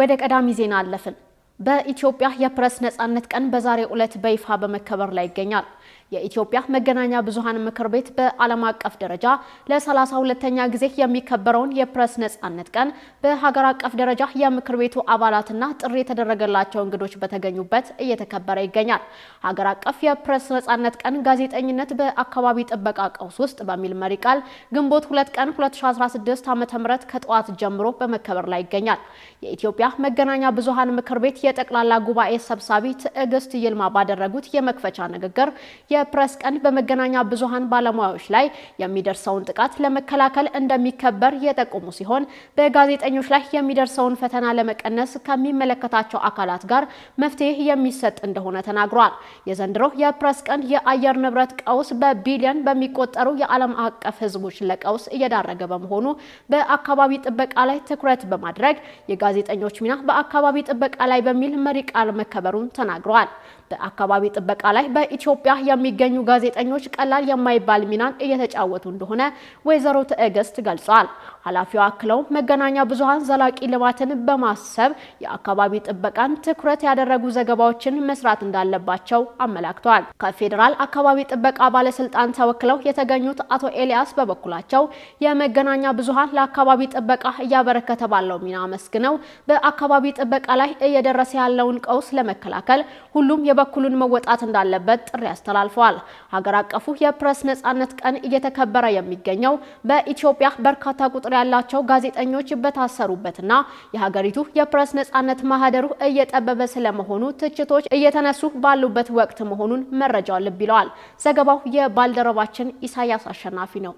ወደ ቀዳሚ ዜና አለፍን። በኢትዮጵያ የፕረስ ነጻነት ቀን በዛሬ ዕለት በይፋ በመከበር ላይ ይገኛል። የኢትዮጵያ መገናኛ ብዙሃን ምክር ቤት በዓለም አቀፍ ደረጃ ለሰላሳ ሁለተኛ ጊዜ የሚከበረውን የፕረስ ነጻነት ቀን በሀገር አቀፍ ደረጃ የምክር ቤቱ አባላትና ጥሪ የተደረገላቸው እንግዶች በተገኙበት እየተከበረ ይገኛል። ሀገር አቀፍ የፕረስ ነጻነት ቀን ጋዜጠኝነት በአካባቢ ጥበቃ ቀውስ ውስጥ በሚል መሪ ቃል ግንቦት ሁለት ቀን 2016 ዓ ም ከጠዋት ጀምሮ በመከበር ላይ ይገኛል። የኢትዮጵያ መገናኛ ብዙሃን ምክር ቤት የጠቅላላ ጉባኤ ሰብሳቢ ትዕግስት ይልማ ባደረጉት የመክፈቻ ንግግር የፕሬስ ቀን በመገናኛ ብዙሃን ባለሙያዎች ላይ የሚደርሰውን ጥቃት ለመከላከል እንደሚከበር የጠቆሙ ሲሆን በጋዜጠኞች ላይ የሚደርሰውን ፈተና ለመቀነስ ከሚመለከታቸው አካላት ጋር መፍትሄ የሚሰጥ እንደሆነ ተናግሯል። የዘንድሮ የፕሬስ ቀን የአየር ንብረት ቀውስ በቢሊዮን በሚቆጠሩ የዓለም አቀፍ ሕዝቦች ለቀውስ እየዳረገ በመሆኑ በአካባቢ ጥበቃ ላይ ትኩረት በማድረግ የጋዜጠኞች ሚና በአካባቢ ጥበቃ ላይ በሚል መሪ ቃል መከበሩን ተናግሯል። በአካባቢ ጥበቃ ላይ በኢትዮጵያ የሚገኙ ጋዜጠኞች ቀላል የማይባል ሚናን እየተጫወቱ እንደሆነ ወይዘሮ ትዕግስት ገልጿል። ኃላፊው አክለውም መገናኛ ብዙሃን ዘላቂ ልማትን በማሰብ የአካባቢ ጥበቃን ትኩረት ያደረጉ ዘገባዎችን መስራት እንዳለባቸው አመላክቷል። ከፌዴራል አካባቢ ጥበቃ ባለስልጣን ተወክለው የተገኙት አቶ ኤልያስ በበኩላቸው የመገናኛ ብዙሃን ለአካባቢ ጥበቃ እያበረከተ ባለው ሚና አመስግነው በአካባቢ ጥበቃ ላይ እየደረሰ ያለውን ቀውስ ለመከላከል ሁሉም የበኩሉን መወጣት እንዳለበት ጥሪ አስተላልፈዋል። ሀገር አቀፉ የፕሬስ ነጻነት ቀን እየተከበረ የሚገኘው በኢትዮጵያ በርካታ ቁጥር ያላቸው ጋዜጠኞች በታሰሩበትና የሀገሪቱ የፕሬስ ነጻነት ማህደሩ እየጠበበ ስለመሆኑ ትችቶች እየተነሱ ባሉበት ወቅት መሆኑን መረጃው ልብ ይለዋል። ዘገባው የባልደረባችን ኢሳያስ አሸናፊ ነው።